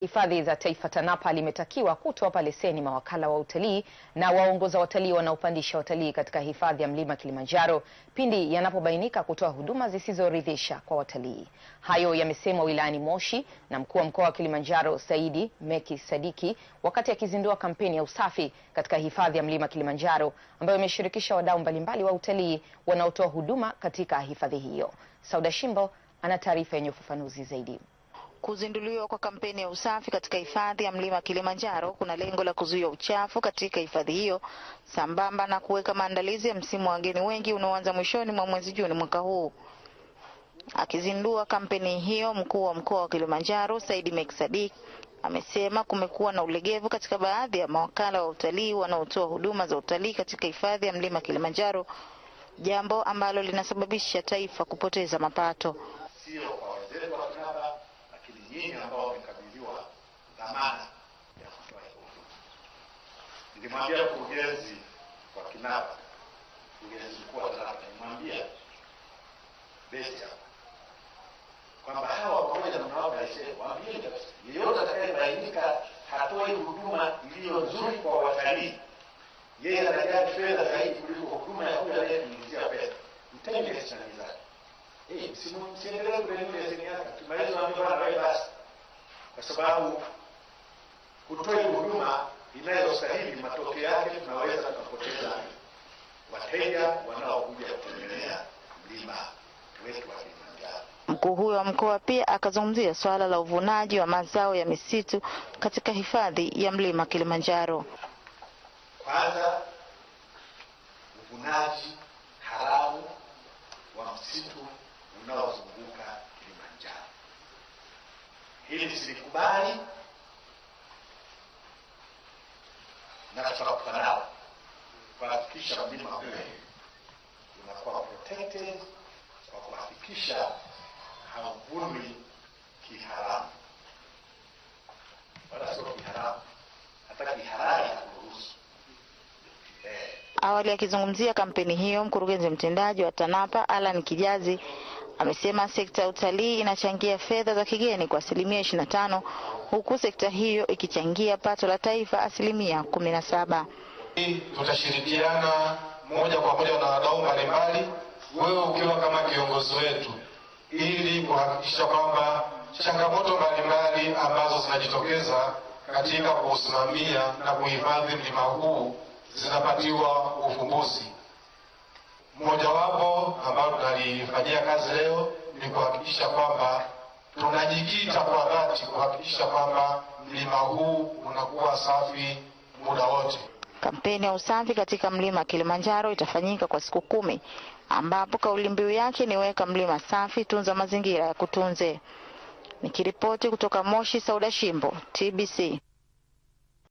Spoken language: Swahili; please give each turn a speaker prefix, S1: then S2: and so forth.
S1: Hifadhi za Taifa TANAPA limetakiwa kutowapa leseni mawakala wa utalii na waongoza watalii wanaopandisha watalii katika hifadhi ya mlima Kilimanjaro pindi yanapobainika kutoa huduma zisizoridhisha kwa watalii. Hayo yamesemwa wilayani Moshi na mkuu wa mkoa wa Kilimanjaro Saidi Meki Sadiki wakati akizindua kampeni ya usafi katika hifadhi ya mlima Kilimanjaro ambayo imeshirikisha wadau mbalimbali wa utalii wanaotoa huduma katika hifadhi hiyo. Sauda Shimbo ana taarifa yenye ufafanuzi zaidi.
S2: Kuzinduliwa kwa kampeni ya usafi katika hifadhi ya mlima Kilimanjaro kuna lengo la kuzuia uchafu katika hifadhi hiyo sambamba na kuweka maandalizi ya msimu wa wageni wengi unaoanza mwishoni mwa mwezi Juni mwaka huu. Akizindua kampeni hiyo, mkuu wa mkoa wa Kilimanjaro Saidi Mek Sadik amesema kumekuwa na ulegevu katika baadhi ya mawakala wa utalii wanaotoa huduma za utalii katika hifadhi ya mlima Kilimanjaro, jambo ambalo linasababisha taifa kupoteza mapato
S3: wengine ambao wamekabidhiwa dhamana ya kutoa huduma. Nilimwambia mkurugenzi kwa KINAPA, mkurugenzi mkuu wa TARAPA, nilimwambia Beti kwamba hawa pamoja na mnawao waambie kabisa, yeyote atakayebainika hatoi huduma iliyo nzuri kwa watalii, yeye anajali fedha zaidi kuliko huduma ya huyu anayekuingizia fedha, mtenge leseni zake. Eh, msiendelee kulenulia leseni yake, Tumaliza mambo basi kwa sababu kutoa huduma inayostahili, matokeo yake tunaweza tukapoteza wateja wanaokuja kutembelea mlima wetu wa Kilimanjaro.
S1: Mkuu huyo wa mkoa pia akazungumzia swala la uvunaji wa mazao ya misitu katika hifadhi ya mlima Kilimanjaro.
S3: Kwanza, uvunaji haramu wa msitu unaozunguka ili tusilikubali na tutakapokuwa nao kuhakikisha mlima ule unakuwa protected kwa kuhakikisha hauvunwi kiharamu wala sio kiharamu, hata ya kuruhusu
S1: eh. Awali akizungumzia kampeni hiyo, mkurugenzi mtendaji wa TANAPA Alan Kijazi Amesema sekta ya utalii inachangia fedha za kigeni kwa asilimia 25 huku sekta hiyo ikichangia pato la taifa asilimia 17.
S4: Tutashirikiana moja kwa moja na wadau mbalimbali, wewe ukiwa kama kiongozi wetu, ili kuhakikisha kwamba changamoto mbalimbali ambazo zinajitokeza katika kuusimamia na kuhifadhi mlima huu zinapatiwa ufumbuzi mmojawapo ambalo tunalifanyia kazi leo ni kuhakikisha kwamba tunajikita kwa dhati kuhakikisha kwamba mlima huu unakuwa safi muda wote.
S1: Kampeni ya usafi katika mlima Kilimanjaro itafanyika kwa siku kumi ambapo kauli mbiu yake ni weka mlima safi, tunza mazingira ya kutunze. Nikiripoti kutoka Moshi, Sauda Shimbo, TBC.